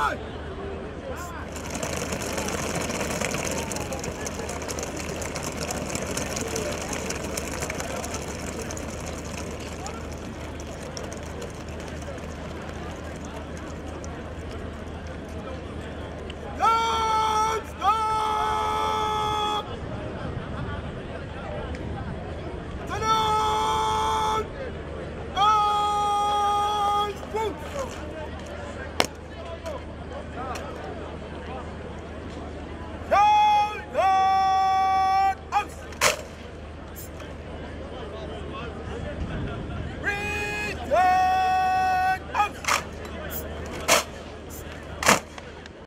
on!